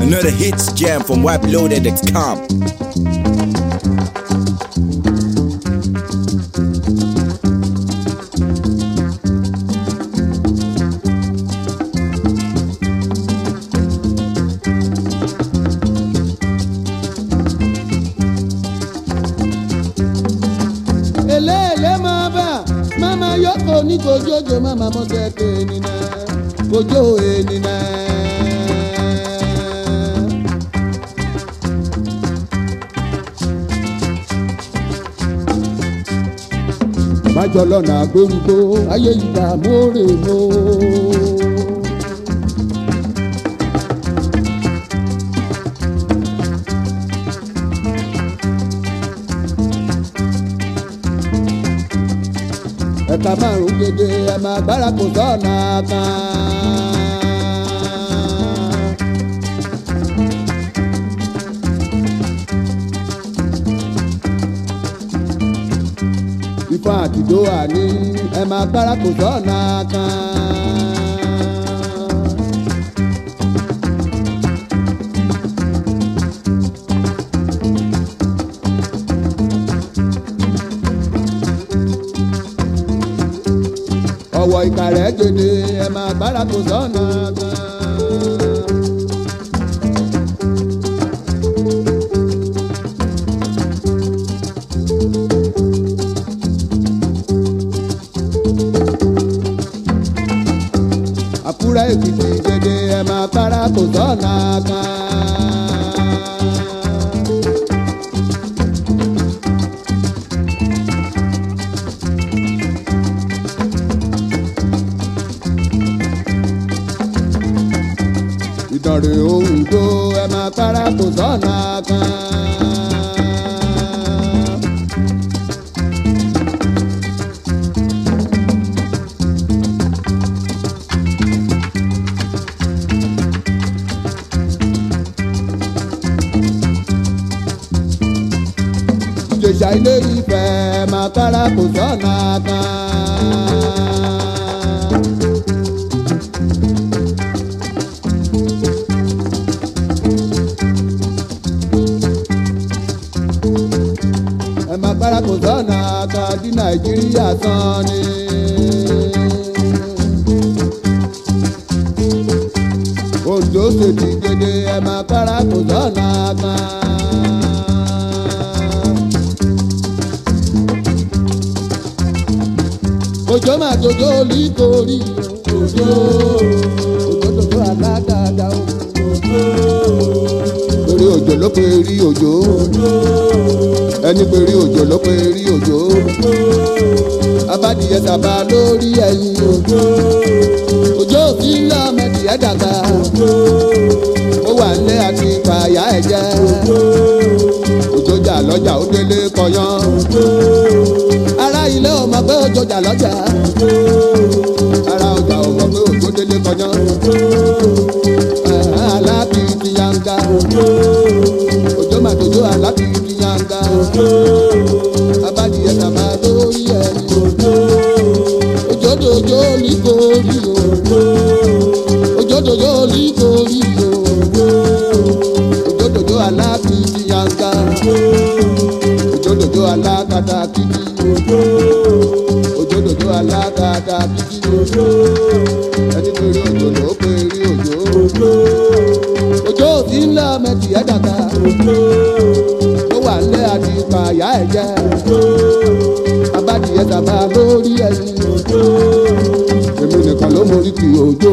Another hits jam from WebLoaded.com. oni kojú ojo mama mọ́tẹ́ pé nínà kojú òye nínà. májọ lọ́nà agbórúkọ ayé ìdààmú rèé ẹ̀ka márùn gèdè ẹ máa gbára kò sọ́nà kan. Ifá àtijọ́ àní ẹ máa gbára kò sọ́nà kan. ààrẹ gèdè ẹ máa gbára kò sọ́nà gan. Àkúrẹ́ Èkìtì gèdè ẹ máa gbára kò sọ́nà gan. ìdánrè òwúdó ẹ máa para kò sọ́nà kan. jòjà ilé ìfẹ́ máa para kò sọ́nà kan. agbára kò sọ́nà kan tí nàìjíríà san ni. Ondo ṣètì gèdè ẹ̀ máa kára kò sọ́nà kan. òjò máa dojo lítorí òjò òjò tó alágàdá òjò òjò ló pe rí òjò ẹni pe rí òjò ló pe rí òjò abádìyẹ tàbá lórí ẹyin òjò òbí ńlá mẹdìyẹ dàgbà ó wà nílé àti fàyà ẹ̀jẹ̀ òjò jà lọ́jà ó délé kọyán ará ilé ò mọ̀ pé òjò jà lọ́jà ará ọjà ò mọ̀ pé òjò délé kọyán alábìyí láti ibi yanga. Abájìyẹ tàbá lórí ẹni. Òjòdòjò ní kórì o. Òjòdòjò ní kórì o. Òjòdòjò aláàbí ibi yanga. Òjòdòjò alágàdá kìkì. Òjòdòjò alágàdá kìkì. Ẹni tó ojo, òjò ló pé rí òjò. Òjò òfin ńlá mẹ́tì ẹ̀dàgbà ìyá ẹ̀ jẹ. bàbá tiẹ̀ sábà lórí ẹ̀yìn. èmi nìkan ló mọ orí kì í òjò.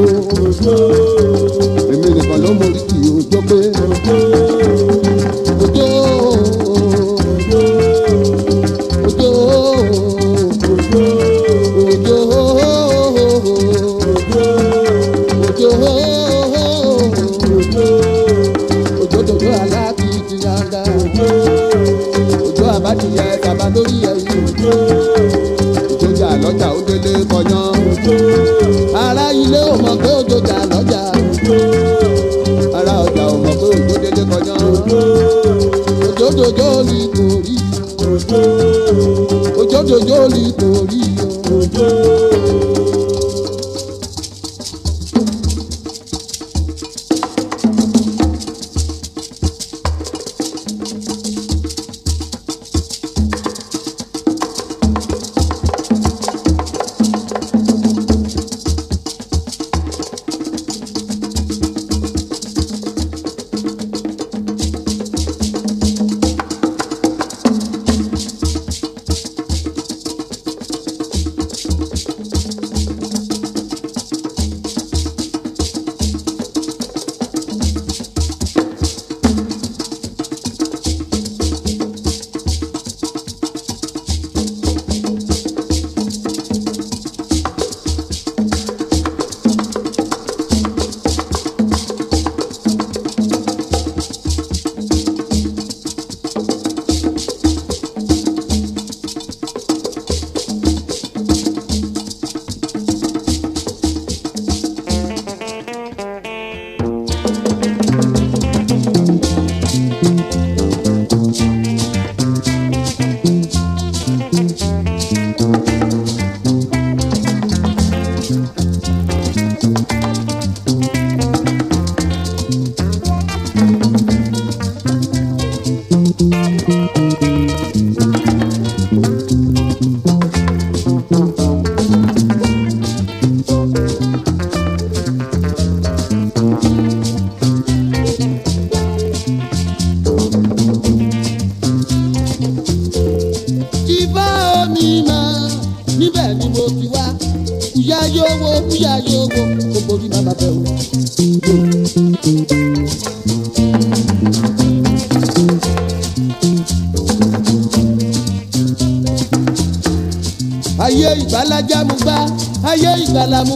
kọjá. Òjòjòjò lè torí. Òjòjòjò lè torí. Òjò.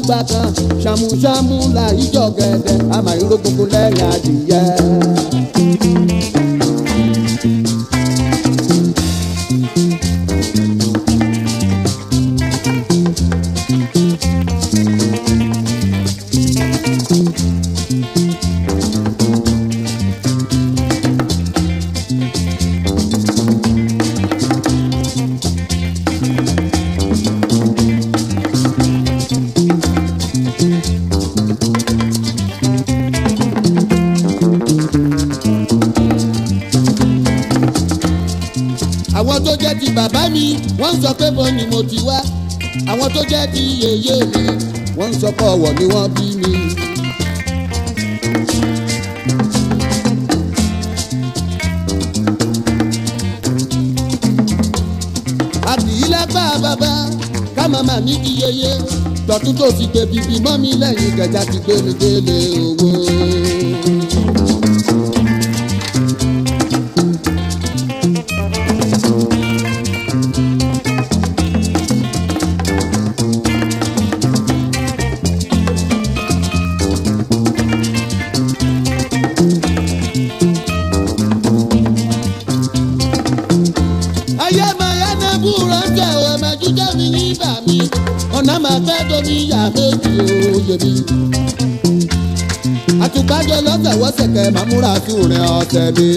gbà kan ṣàmùṣàmù là ìjọ gẹ̀dẹ̀ àmàlí ló gbogbo lẹ́yìn adìyẹ. àwọn tó jẹ́ ti bàbá mi wọ́n ń sọ pé mo ni mo ti wá àwọn tó jẹ́ ti yèyé mi wọ́n ń sọ pé ọ̀wọ̀ ni wọ́n bí mi. àdìyílẹ́gbà bàbá ká màmá mi di yèyé tọ̀tún tó fi gbèbìbì mọ́ mi lẹ́yìn kẹjà ti gbé mi délé owó. tẹ̀wọ́ tẹ̀kẹ́ máa múra sí òrìn ọ̀sẹ̀ mi.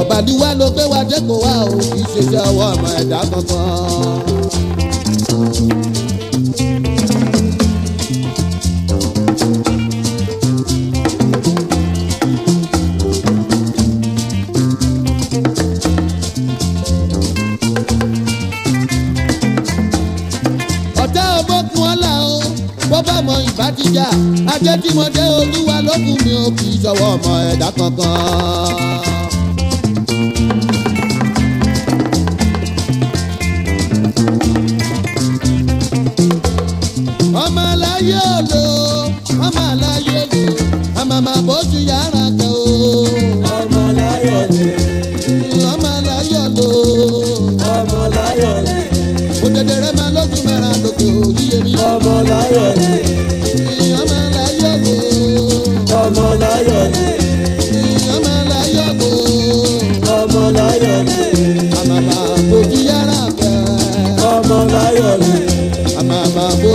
ọ̀bàdíwá ló gbé wa dẹ́kun wá o kì í ṣe iṣẹ́ ọwọ́ ọmọ ẹ̀dá kankan. ìbátijá ajé tí mo dé olúwa lókun mi ò kì í ṣọwọ́ ọmọ ẹ̀dá kankan.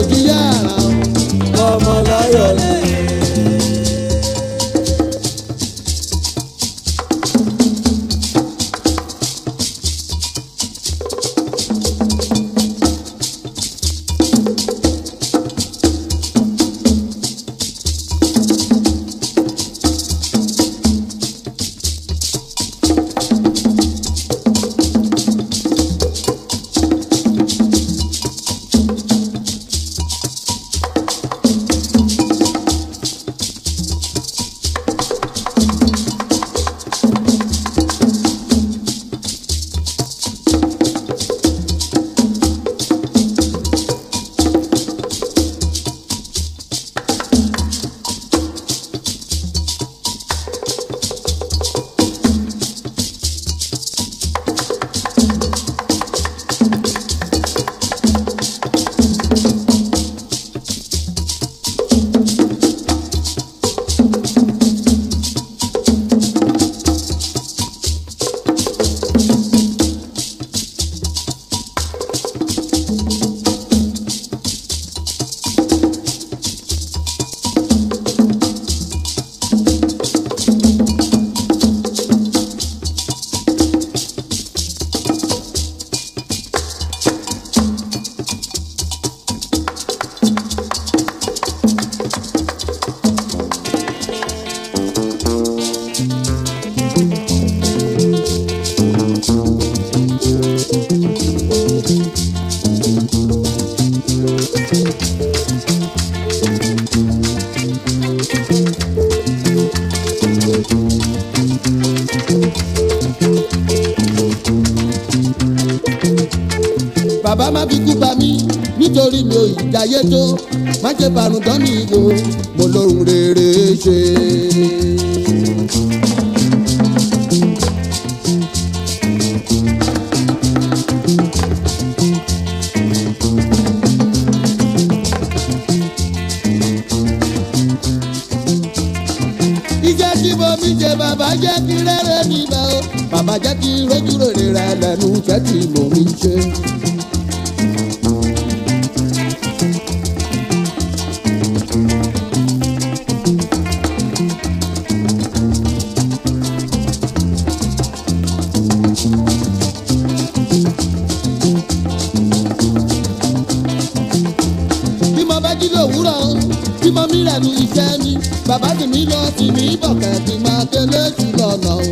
ògì yàrá ọmọ ni. ayé tó má jẹ́ bàrùn tán ní ìgò mo lóhun rere ṣe. iṣẹ́ tí mo fi bàbá jẹ́ kí rere mi bá o bàbá jẹ́ kí rojú rere lẹ́nu iṣẹ́ tí mo fi onírẹ̀nu ìjẹni bàbá tèmi lọ tì mí bọ̀ kẹ́kì máa délé jù lọ́nà o.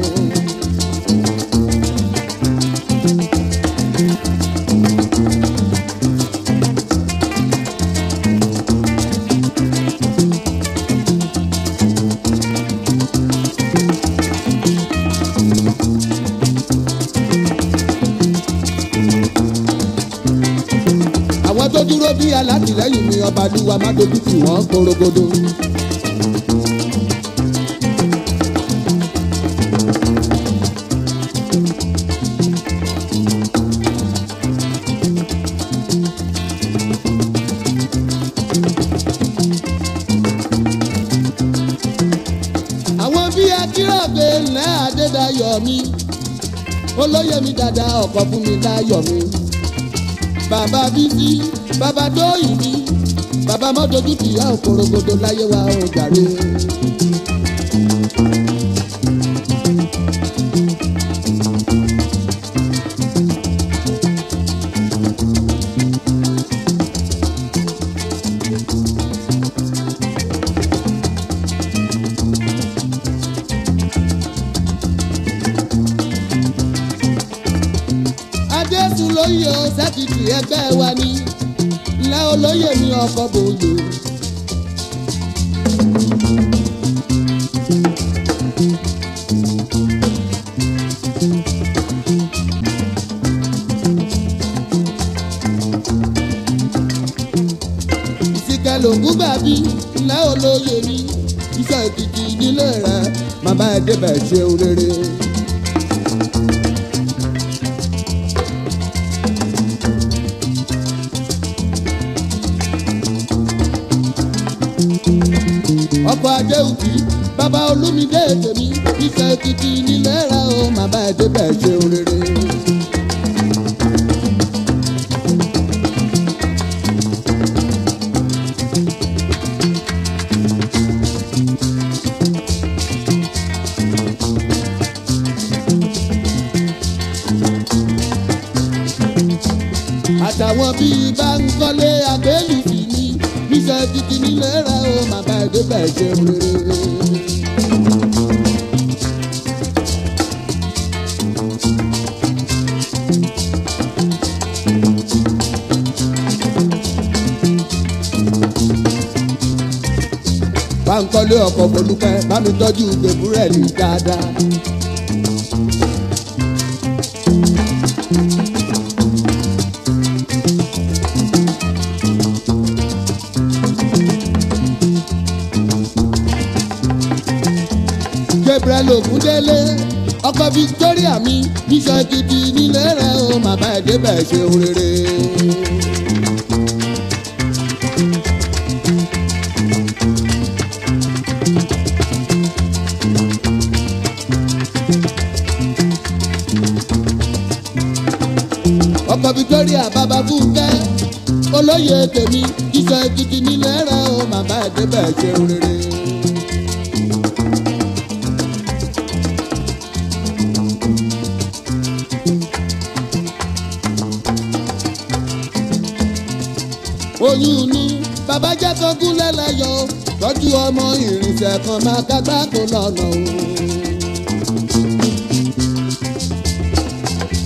fojú tì wọ́n korogodo. àwọn bí akírọ̀gbé ńlẹ́ adédayọ̀ mi olóyè mi dada ọkọ̀ fún mi láyọ̀ mi bàbá bíbí bàbá dóyìn mi bàbá mọ́tò dúkìá òkòrògbòdò láyé wa ò jàre. ọkọ̀ bòye. ìsìkà lògùn bàbí ńlá olóye mi iṣẹ́ ìkìkì ìdílé rẹ̀ màmá ẹ̀ débẹ̀ ṣe òrèrè. ọkọ̀ ajé òbí bàbá olúmídé tèmi ìfẹ́ kìkì nílẹ̀ra o màmá ẹ̀dẹ́ bẹ̀ ṣe rere. àtàwọn bíi bá ń kọ́ débẹ̀ jẹun rere. bá ń kọ́lé ọkọ̀ bolúpẹ́ bá mi tọ́jú gbèbúrẹ́lì dáadáa. lògúndélé ọkọ Victoria mi níṣọ gidi nílé rẹ o màmá ẹ débẹ̀ ṣeun rere. ọkọ Victoria bàbá fúnkẹ́ olóyè tèmi iṣẹ́ gidi nílé rẹ o màmá ẹ débẹ̀ ṣeun rere. ní ní. bàbá jẹ́ kan gúnlẹ̀ láyọ̀ ọmọ ìrìnsẹ̀ kan máa kágbá kó lọ́nà o.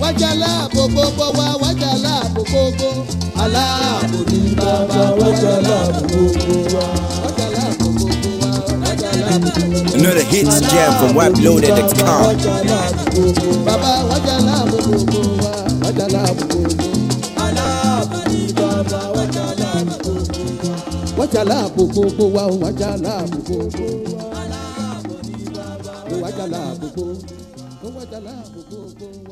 wájà láàbò gbogbo wa wájà láàbò gbogbo. aláàbò ní bàbá wájà láàbò gbogbo wa. Another hit jam from WebLoaded.com. Bàbá wájà láàbò ajá láàbò gbogbo wa òun ajá láàbò gbogbo wa òun ajá láàbò gbogbo òun ajá láàbò gbogbo.